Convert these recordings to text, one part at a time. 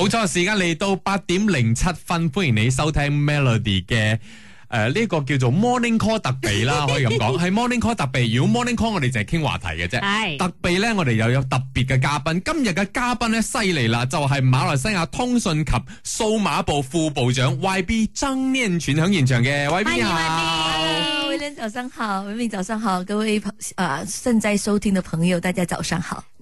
冇錯，時間嚟到八點零七分，歡迎你收聽 Melody 嘅誒呢、呃這個叫做 Morning Call 特備啦，可以咁講係 Morning Call 特備。如果 Morning Call 我哋就係傾話題嘅啫，係是特備咧，我哋又有特別嘅嘉賓。今日嘅嘉賓咧犀利啦，就係、是、馬來西亞通訊及數碼部副部長 YB 張念群喺現場嘅。YB 好，Hello，YB 早上好，YB 早上好，各位朋啊正在收聽嘅朋友，大家早上好。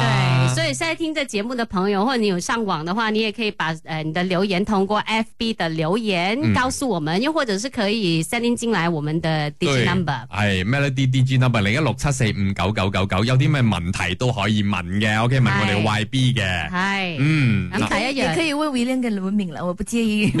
對，所以現在聽這節目的朋友，或者你有上網的話，你也可以把呃你的留言通過 FB 的留言告訴我們，又、嗯、或者是可以 send in 進來我們的 Digi number，係 Melody Digi number？零一六七四五九九九九，有啲咩問題都可以問嘅，OK？問我哋 YB 嘅，係對，嗯，睇看那一眼，可以問 William 跟盧敏了，我不介意。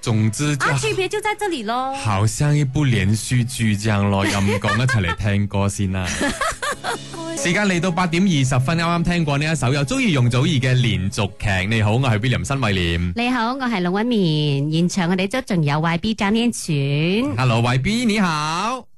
總之，啊，區別就在這裏咯。好像一部連續劇咁咯，咁講 一齊嚟聽歌先啦，啊。 時間嚟到八點二十分，啱啱聽過呢一首，又中意容祖兒嘅連續劇。你好，我係 William 新偉廉。你好，我係龍威綿。現場我哋都仲有 Y B 張念群。 Hello，Y B 你好。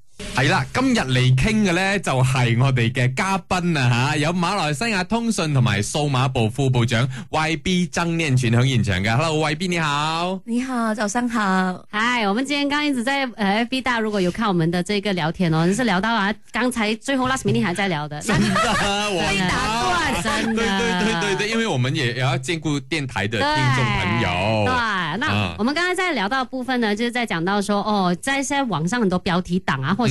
係啦，今日嚟傾嘅咧就係、是、我哋嘅嘉賓啊吓，有馬來西亞通訊同埋數碼部副部長 Y B 張念群響現場嘅。Hello Y B 你好，你好，早上好。唉，我們今天剛一直在 F B，大家如果有看我們的這個聊天哦，真是聊到啊，剛才最後 last minute 還在聊的， 哪真噶，我被打斷，真。 對對對對對，因為我們也要兼顧電台嘅聽眾朋友對。對，那我們剛才在聊到部分呢，就是在講到說哦，在現在網上很多標題黨啊，或者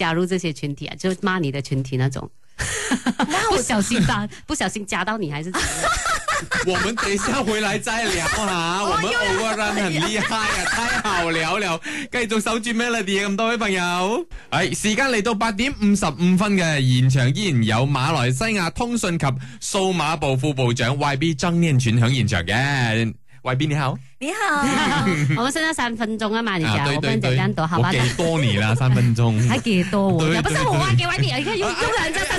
加入這些群體啊，就罵你的群體那種， 不小心吧，不小心加到你還是怎樣。 我們等下回來再聊下， 哦、我們 all 很厲害啊， 太好聊了，繼續守住 melody 咁多位朋友，係、哎、時間嚟到八點五十五分嘅現場依然有馬來西亞通訊及數碼部副部長 YB 張念群響現場嘅。嗯喂，YB 你好？你好，我剩得三分鐘啊嘛，你講我跟鄭欣讀，好吧我給多你啦，三分鐘，還給多？我不是我話給位你，你睇有有兩張。